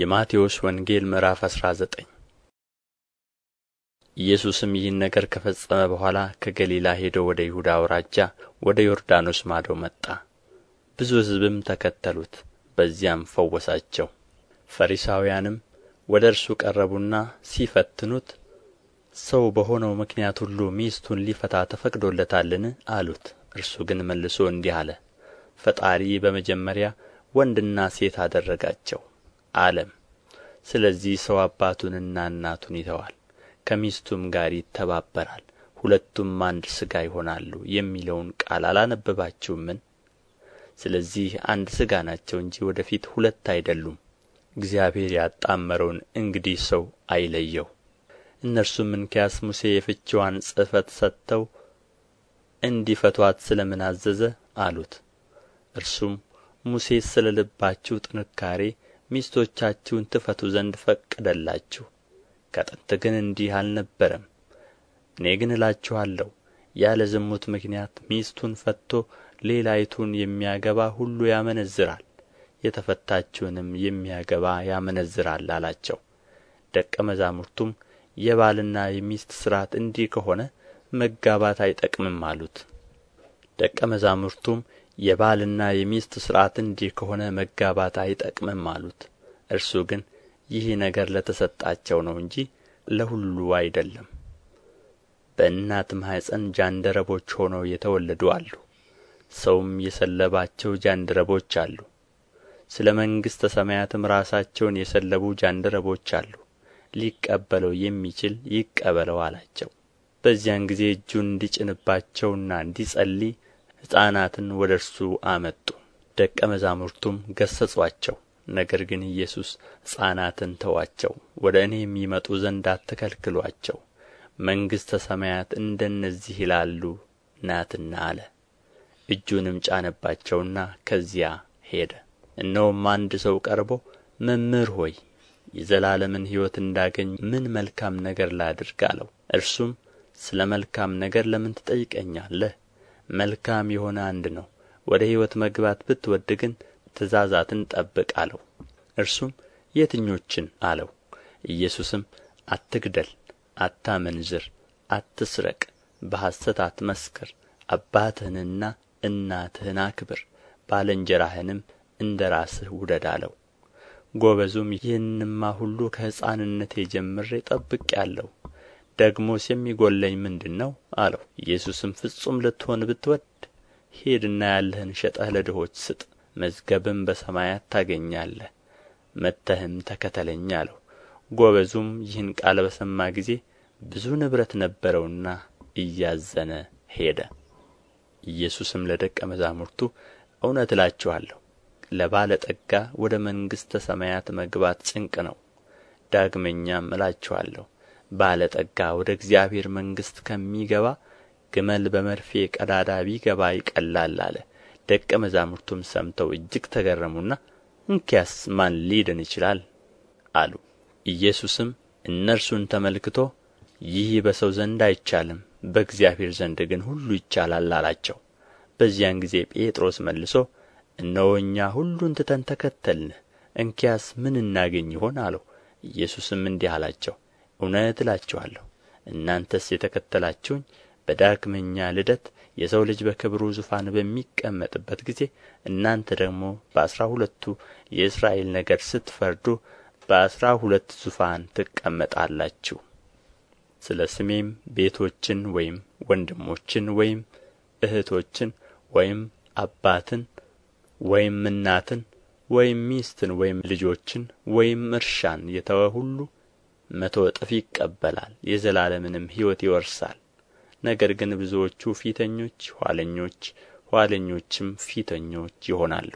የማቴዎስ ወንጌል ምዕራፍ 19 ኢየሱስም ይህን ነገር ከፈጸመ በኋላ ከገሊላ ሄዶ ወደ ይሁዳ አውራጃ ወደ ዮርዳኖስ ማዶ መጣ። ብዙ ሕዝብም ተከተሉት፣ በዚያም ፈወሳቸው። ፈሪሳውያንም ወደ እርሱ ቀረቡና ሲፈትኑት ሰው በሆነው ምክንያት ሁሉ ሚስቱን ሊፈታ ተፈቅዶለታልን? አሉት። እርሱ ግን መልሶ እንዲህ አለ፣ ፈጣሪ በመጀመሪያ ወንድና ሴት አደረጋቸው አለም ስለዚህ ሰው አባቱንና እናቱን ይተዋል ከሚስቱም ጋር ይተባበራል ሁለቱም አንድ ሥጋ ይሆናሉ የሚለውን ቃል አላነበባችሁምን ስለዚህ አንድ ሥጋ ናቸው እንጂ ወደ ፊት ሁለት አይደሉም እግዚአብሔር ያጣመረውን እንግዲህ ሰው አይለየው እነርሱም እንኪያስ ሙሴ የፍችዋን ጽሕፈት ሰጥተው እንዲፈቷት ስለ ምን አዘዘ አሉት እርሱም ሙሴስ ስለ ልባችሁ ጥንካሬ ሚስቶቻችሁን ትፈቱ ዘንድ ፈቀደላችሁ ከጥንት ግን እንዲህ አልነበረም እኔ ግን እላችኋለሁ ያለ ዝሙት ምክንያት ሚስቱን ፈትቶ ሌላይቱን የሚያገባ ሁሉ ያመነዝራል የተፈታችውንም የሚያገባ ያመነዝራል አላቸው ደቀ መዛሙርቱም የባልና የሚስት ሥርዓት እንዲህ ከሆነ መጋባት አይጠቅምም አሉት ደቀ መዛሙርቱም የባልና የሚስት ሥርዓት እንዲህ ከሆነ መጋባት አይጠቅምም አሉት እርሱ ግን ይህ ነገር ለተሰጣቸው ነው እንጂ ለሁሉ አይደለም በእናት ማኅፀን ጃንደረቦች ሆነው የተወለዱ አሉ ሰውም የሰለባቸው ጃንደረቦች አሉ ስለ መንግሥተ ሰማያትም ራሳቸውን የሰለቡ ጃንደረቦች አሉ ሊቀበለው የሚችል ይቀበለው አላቸው በዚያን ጊዜ እጁን እንዲጭንባቸውና እንዲጸልይ ሕፃናትን ወደ እርሱ አመጡ ደቀ መዛሙርቱም ገሠጹአቸው ነገር ግን ኢየሱስ ሕፃናትን ተዋቸው ወደ እኔ የሚመጡ ዘንድ አትከልክሏቸው፣ መንግሥተ ሰማያት እንደነዚህ ይላሉ ናትና አለ እጁንም ጫነባቸውና ከዚያ ሄደ እነሆም አንድ ሰው ቀርቦ መምህር ሆይ የዘላለምን ሕይወት እንዳገኝ ምን መልካም ነገር ላድርግ አለው እርሱም ስለ መልካም ነገር ለምን ትጠይቀኛለህ መልካም የሆነ አንድ ነው ወደ ሕይወት መግባት ብትወድ ግን ትእዛዛትን ጠብቅ አለው እርሱም የትኞችን አለው ኢየሱስም አትግደል አታመንዝር አትስረቅ በሐሰት አትመስክር አባትህንና እናትህን አክብር ባልንጀራህንም እንደ ራስህ ውደድ አለው ጎበዙም ይህንማ ሁሉ ከሕፃንነቴ ጀምሬ ጠብቄአለሁ ደግሞስ የሚጎለኝ ምንድር ነው አለው ኢየሱስም ፍጹም ልትሆን ብትወድ ሂድና ያለህን ሸጠህ ለድሆች ስጥ መዝገብም በሰማያት ታገኛለህ መጥተህም ተከተለኝ አለው ጎበዙም ይህን ቃል በሰማ ጊዜ ብዙ ንብረት ነበረውና እያዘነ ሄደ ኢየሱስም ለደቀ መዛሙርቱ እውነት እላችኋለሁ ለባለጠጋ ወደ መንግሥተ ሰማያት መግባት ጭንቅ ነው ዳግመኛም እላችኋለሁ ባለጠጋ ወደ እግዚአብሔር መንግሥት ከሚገባ ግመል በመርፌ ቀዳዳ ቢገባ ይቀላል አለ ደቀ መዛሙርቱም ሰምተው እጅግ ተገረሙና እንኪያስ ማን ሊድን ይችላል አሉ ኢየሱስም እነርሱን ተመልክቶ ይህ በሰው ዘንድ አይቻልም በእግዚአብሔር ዘንድ ግን ሁሉ ይቻላል አላቸው በዚያን ጊዜ ጴጥሮስ መልሶ እነሆ እኛ ሁሉን ትተን ተከተልንህ እንኪያስ ምን እናገኝ ይሆን አለው ኢየሱስም እንዲህ አላቸው እውነት እላችኋለሁ እናንተስ የተከተላችሁኝ በዳግመኛ ልደት የሰው ልጅ በክብሩ ዙፋን በሚቀመጥበት ጊዜ እናንተ ደግሞ በአሥራ ሁለቱ የእስራኤል ነገድ ስትፈርዱ በአሥራ ሁለት ዙፋን ትቀመጣላችሁ ስለ ስሜም ቤቶችን ወይም ወንድሞችን ወይም እህቶችን ወይም አባትን ወይም እናትን ወይም ሚስትን ወይም ልጆችን ወይም እርሻን የተወ ሁሉ መቶ እጥፍ ይቀበላል የዘላለምንም ሕይወት ይወርሳል ነገር ግን ብዙዎቹ ፊተኞች ኋለኞች ኋለኞችም ፊተኞች ይሆናሉ